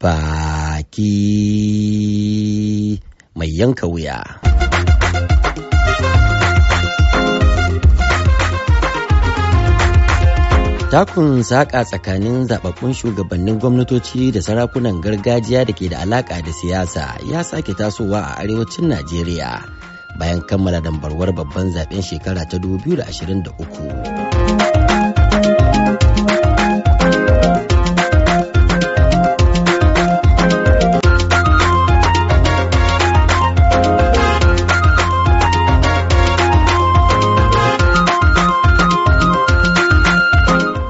baki mai yanka wuya. Takun saƙa tsakanin zaɓaɓɓun shugabannin gwamnatoci da sarakunan gargajiya da ke da alaƙa da siyasa ya sake tasowa a arewacin Najeriya bayan kammala dambarwar babban zaɓen shekara ta 2023.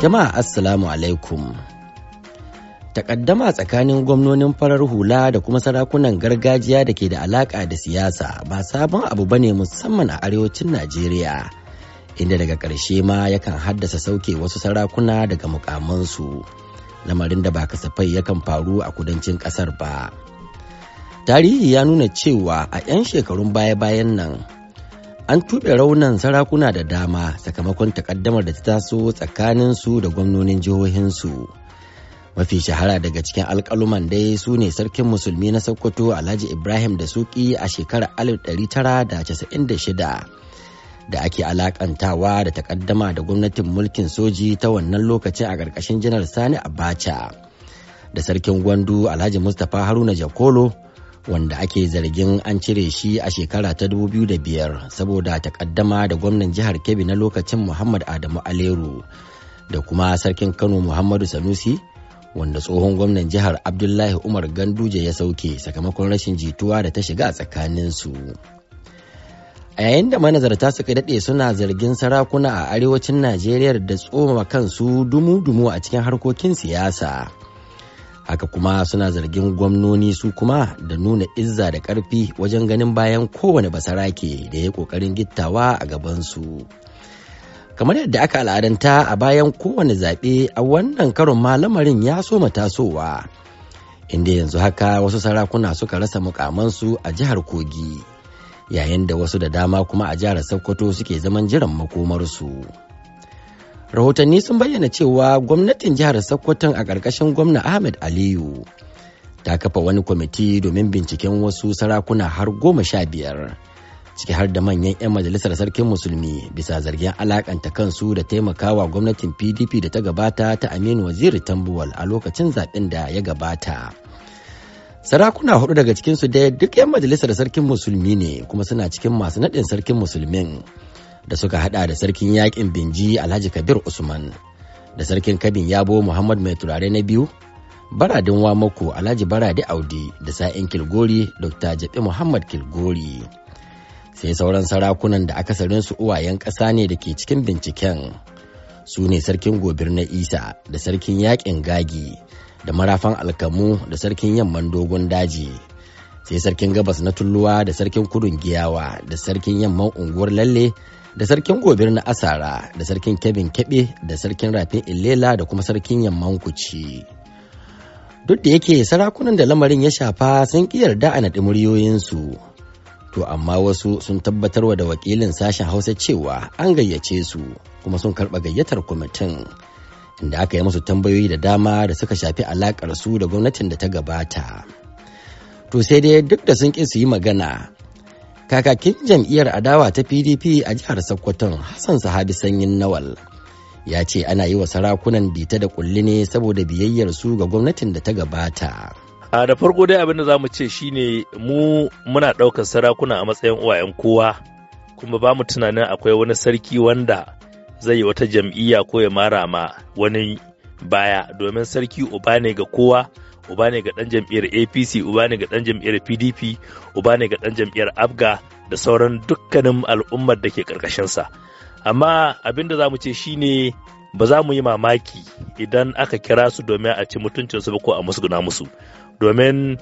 Jama'a Assalamu alaikum. Takaddama tsakanin gwamnonin farar hula da kuma sarakunan gargajiya da ke da alaka da siyasa ba sabon abu ba ne musamman a arewacin Najeriya, inda daga ƙarshe ma yakan haddasa sauke wasu sarakuna daga mukamansu, lamarin da ba kasafai yakan faru a kudancin ƙasar ba. Tarihi ya nuna cewa a 'yan shekarun baya-bayan nan. an tuɓe raunan sarakuna da dama sakamakon takaddamar da ta taso tsakanin su da gwamnonin jihohinsu mafi shahara daga cikin alkaluman dai su ne sarkin musulmi na sokoto alhaji ibrahim da suki a shekarar 1996 da ake alakantawa da takaddama da gwamnatin mulkin soji ta wannan lokacin a ƙarƙashin janar sani abacha da sarkin gwandu alhaji mustapha haruna jakolo wanda ake zargin an cire shi a shekara ta 2005 saboda takaddama da gwamnan jihar Kebbi na lokacin Muhammad Adamu Aleru da kuma sarkin Kano Muhammadu Sanusi wanda tsohon gwamnan jihar Abdullahi Umar Ganduje ya sauke sakamakon rashin jituwa da ta shiga tsakaninsu. a yayin da manazarta suka daɗe suna zargin sarakuna a arewacin najeriya da tsoma kansu dumu-dumu a cikin harkokin siyasa haka kuma suna zargin gwamnoni su kuma da nuna izza da ƙarfi wajen ganin bayan kowane basarake da ya ƙoƙarin gittawa a gabansu kamar yadda aka al'adanta a bayan kowane zaɓe a wannan karon ma lamarin ya soma tasowa inda yanzu haka wasu sarakuna suka rasa mukamansu a jihar kogi yayin da wasu da dama kuma a jihar sokoto suke zaman jiran makomarsu. rahotanni sun bayyana cewa gwamnatin jihar sokoton a ƙarƙashin gwamna ahmed aliyu ta kafa wani kwamiti domin binciken wasu sarakuna har goma sha biyar ciki har da manyan 'yan majalisar sarkin musulmi bisa zargin alakanta kansu da taimakawa gwamnatin pdp da ta gabata ta aminu waziri tambuwal a lokacin zaben da ya gabata sarakuna hudu daga cikinsu dai duk 'yan majalisar sarkin musulmi ne kuma suna cikin masu naɗin sarkin musulmin da suka hada da sarkin yakin binji alhaji kabir usman da sarkin kabin yabo muhammad mai turare na biyu baradin wamako alhaji barade audi da sa'in kilgori dr jabi muhammad kilgori sai sauran sarakunan da akasarin su uwayen ƙasa ne da ke cikin binciken su ne sarkin gobir na isa da sarkin yakin gagi da marafan alkamu da sarkin yamman dogon daji sai sarkin gabas na tulluwa da sarkin kudun giyawa da sarkin yamman unguwar lalle da sarkin gobir na asara da sarkin kebin kebe da sarkin rafin ilela da kuma sarkin yamman kuci duk da yake sarakunan da lamarin ya shafa sun ƙi yarda a naɗi muryoyinsu to amma wasu sun tabbatarwa da wakilin sashen hausa cewa an gayyace su kuma sun karɓa gayyatar kwamitin inda aka yi musu tambayoyi da dama da suka shafi alaƙar su da gwamnatin da ta gabata to sai dai duk da sun ƙi su yi magana kakakin jam'iyyar adawa ta pdp a jihar sokoton hassan sahabi sanyin nawal ya ce ana yi wa sarakunan bita da kulli ne saboda biyayyar su ga gwamnatin da ta gabata a da farko dai abin da za mu ce shine mu muna ɗaukar sarakuna a matsayin uwayen kowa kuma ba mu tunanin akwai wani sarki wanda zai yi wata jam'iyya ko ya mara ma wani baya domin sarki uba ne ga kowa uba ne ga ɗan jam'iyyar apc uba ne ga ɗan jam'iyyar pdp uba ne ga ɗan jam'iyyar abga da sauran dukkanin al'ummar da ke ƙarƙashinsa amma abin da za mu ce shine ba za mu yi mamaki idan aka kira su domin a ci mutuncinsu ba ko a musguna musu domin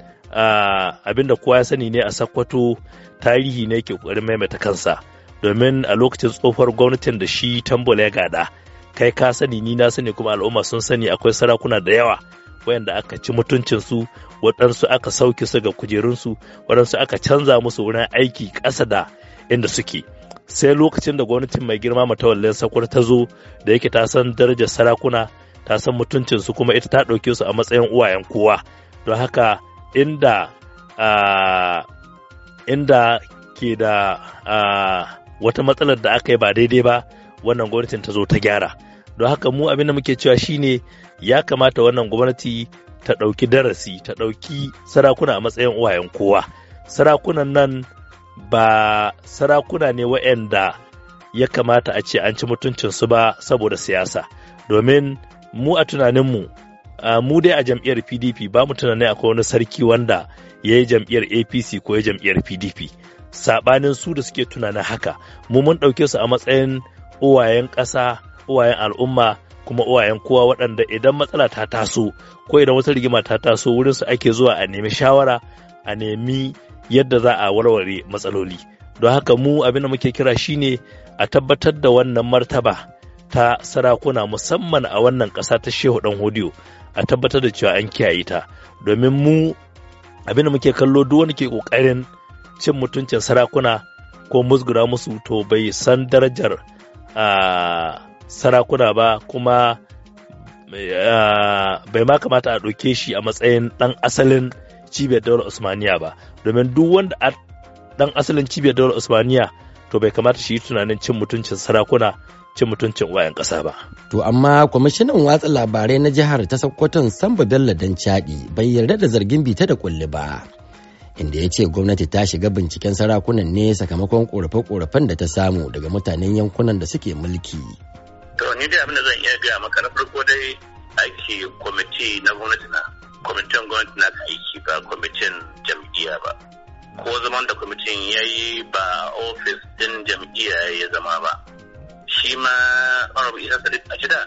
abin da kowa ya sani ne a sakwato tarihi ne ke ƙoƙarin maimaita kansa domin a lokacin tsohuwar gwamnatin da shi tambola ya gada kai ka sani ni na sani kuma al'umma sun sani akwai sarakuna da yawa wayanda aka ci mutuncin su waɗansu aka sauke su ga kujerunsu waɗansu aka canza musu wurin aiki ƙasa da inda suke sai lokacin da gwamnatin mai girma matawallin sakwar ta zo da yake ta san darajar sarakuna ta san mutuncinsu kuma ita ta ɗauke su a matsayin uwayen kowa don haka inda inda ke da wata matsalar da aka yi ba daidai ba wannan gwamnatin ta zo ta gyara don haka mu abin da muke cewa shi ne ya kamata wannan gwamnati ta ɗauki darasi ta ɗauki sarakuna a matsayin uwayen kowa sarakunan nan ba sarakuna ne wa'anda ya kamata a ce an ci mutuncinsu ba saboda siyasa domin mu a tunaninmu mu dai a jam'iyyar pdp ba mu tunanin akwai wani sarki wanda ya yi jam'iyyar apc ko ya jam'iyyar pdp saɓanin su da suke tunanin haka mu mun ɗauke su a matsayin uwayen ƙasa uwayen al'umma kuma uwayen kowa waɗanda idan matsala ta taso ko idan wata rigima ta taso wurin su ake zuwa a nemi shawara a nemi yadda za a warware matsaloli don haka mu abin da muke kira shine a tabbatar da wannan martaba ta sarakuna musamman a wannan ƙasa ta shehu dan hodiyo a tabbatar da cewa an kiyaye ta domin mu abin da muke kallo duk wani ke ƙoƙarin cin mutuncin sarakuna ko musgura musu to bai san darajar a ah, sarakuna ba kuma eh, bai ma kamata a ɗauke shi a matsayin ɗan asalin cibiyar daular usmaniya ba domin duk wanda a ɗan asalin cibiyar daular usmaniya to bai kamata shi yi tunanin cin mutuncin sarakuna cin mutuncin wayan ƙasa ba. To amma kwamishinan watsa labarai na jihar ta Sokoton Samba Bello dan Chadi bai yarda da zargin bita da kulli ba. Inda ya ce gwamnati ta shiga binciken sarakunan ne sakamakon korafe-korafen da ta samu daga mutanen yankunan da suke mulki. to ni dai abin da zan iya gaya maka na farko dai aiki kwamiti na gwamnati na kwamitin gwamnati na aiki ba kwamitin jam'iyya ba ko zaman da kwamitin ya yi ba ofis din jam'iyya ya zama ba shi ma honorable isa sadiq a shida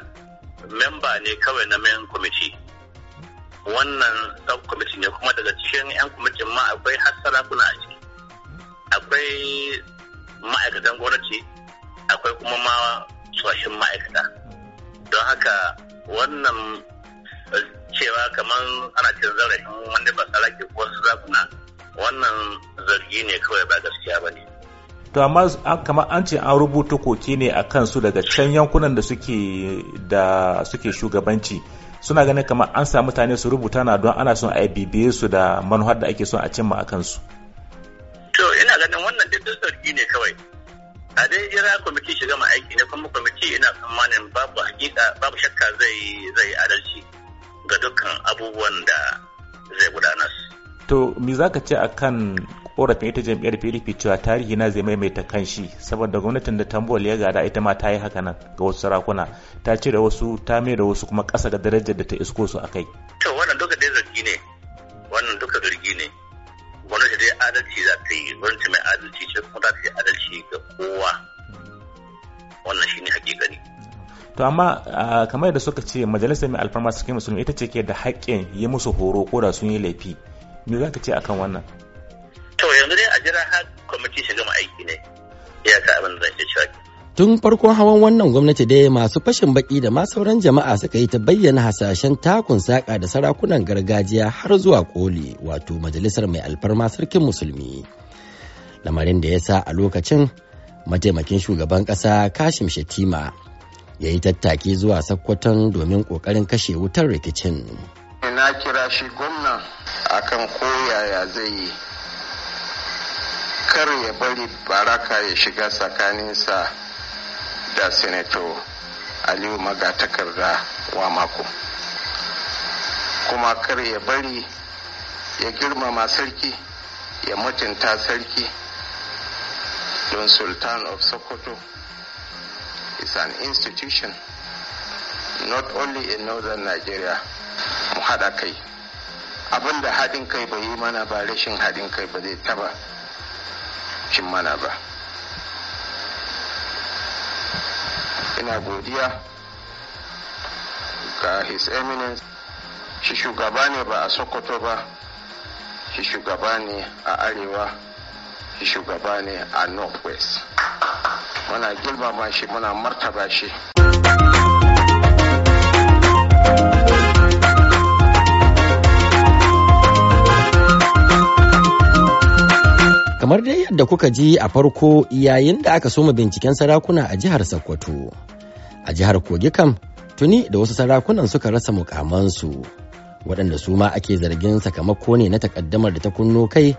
memba ne kawai na main kwamiti wannan sub kwamiti ne kuma daga cikin yan kwamitin ma akwai hassara kuna a ciki akwai ma'aikatan gwamnati akwai kuma ma tsohin ma'aikata don haka wannan eh, cewa kamar ana cin zarafin wanda ba ke ko su zakuna wannan zargi ne kawai ba gaskiya ba ne to amma kamar an ce an rubuta koke ne a kansu daga can yankunan da suke shugabanci suna ganin kamar an sa mutane su rubuta na don ana son a bibiye su da manuhar da ake son a cimma a kansu. a dai jira kwamiti shiga ma aiki ne kuma kwamiti ina tsammanin babu hakika babu shakka zai zai adalci ga dukkan abubuwan da zai gudanar to me zaka ce a kan ƙorafin ita jam'iyyar pdp cewa tarihi na zai maimaita kan shi saboda gwamnatin da tambol ya gada ita ma ta yi haka nan ga wasu sarakuna ta cire wasu ta mai da wasu kuma ƙasa ga darajar da ta isko su akai to adalci za ta yi gwamnati mai adalci ce kuma za ta yi adalci ga kowa wannan shi ne hakikani to amma kamar yadda suka ce majalisar mai alfarma sarkin musulmi ita ce ke da haƙƙin yi musu horo ko da sun yi laifi me za ka ce akan wannan to yanzu dai a jira har kwamiti shiga aiki ne ya ka abin da zan cewa Tun farkon hawan wannan gwamnati dai masu fashin baki da ma sauran jama'a suka yi ta bayyana hasashen takun saƙa da sarakunan gargajiya har zuwa koli wato majalisar mai alfarma sarkin musulmi. Lamarin da ya sa a lokacin mataimakin shugaban ƙasa Kashim Shetima ya yi tattaki zuwa Sokoton domin ƙoƙarin kashe wutar rikicin. Na kira shi gwamna akan koyaya zai yi kar ya bari baraka ya shiga tsakaninsa da senator aliyu magatakarda wa mako kuma kar ya bari ya girmama sarki ya mutunta sarki don sultan of sokoto is an institution not only in northern nigeria mu haɗa kai abinda haɗin kai bai yi mana ba rashin haɗin kai ba zai taba cin mana ba ina godiya ga his eminence shi shugaba ne ba a sokoto ba shi shugaba ne a arewa shi shugaba ne a northwest muna girmama shi muna martaba shi kamar dai yadda kuka ji a farko yayin da aka soma binciken sarakuna a jihar sokoto a jihar kogi kam tuni da wasu sarakunan suka rasa mukamansu waɗanda su ma ake zargin sakamako ne na takaddamar da ta kunno kai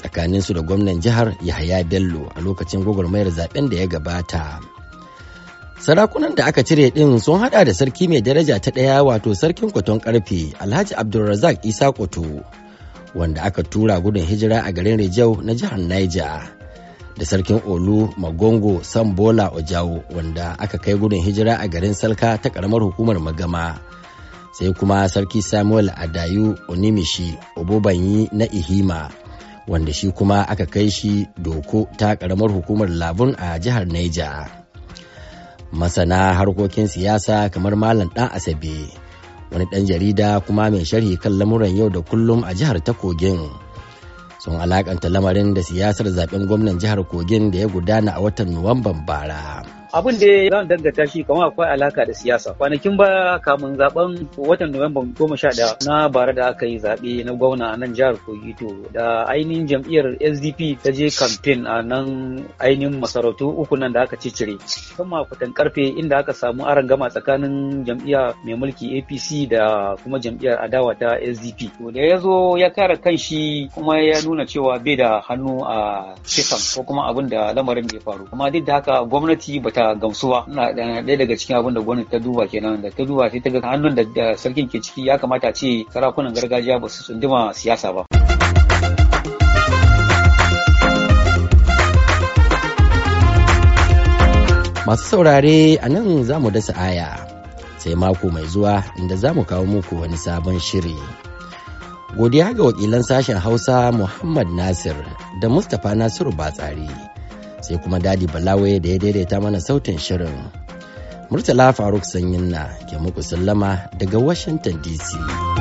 tsakaninsu da gwamnan jihar yahaya bello a lokacin gwagwarmayar zaben da ya gabata sarakunan da aka cire ɗin sun hada da sarki mai daraja ta ɗaya wato sarkin kwaton karfe alhaji abdulrazak isa kwato wanda aka tura gudun hijira a garin rijau na jihar niger da sarkin olu magongo sambola ojawo wanda aka kai gudun hijira a garin salka ta karamar hukumar magama sai kuma sarki samuel adayu onimishi obobanyi na ihima wanda shi kuma aka kai shi doko ta karamar hukumar labun a jihar niger masana harkokin siyasa kamar malam dan asabe wani dan jarida kuma mai sharhi kan lamuran yau da kullum a jihar ta kogin sun alakanta lamarin da siyasar zaben gwamnan jihar kogin da ya gudana a watan nuwamban bara abin da zan dangata shi kamar akwai alaka da siyasa kwanakin baya kamun zaben watan nuwamba goma sha daya na bara da aka yi zaɓe na gwamna a nan jihar kogi to da ainihin jam'iyyar sdp ta je kamfen a nan ainihin masarautu uku nan da aka cicire kan makwatan karfe inda aka samu gama tsakanin jam'iyya mai mulki apc da kuma jam'iyyar adawa ta sdp to da ya zo ya kare kanshi kuma ya nuna cewa bai da hannu a kisan ko kuma abin da lamarin bai faru amma duk da haka gwamnati ba bata ta gamsuwa na ɗaya daga cikin abin da gwamnati ta duba kenan da ta duba sai ta ga hannun da sarkin ke ciki ya kamata ce sarakunan gargajiya ba su tsunduma siyasa ba. Masu saurare a nan za mu dasa aya sai mako mai zuwa inda za mu kawo muku wani sabon shiri. Godiya ga wakilan sashen Hausa Muhammad Nasir da Mustapha Nasiru Batsari. sai kuma dadi balawe da ya daidaita mana sautin shirin murtala faruk sanyin na ke muku sallama daga washington dc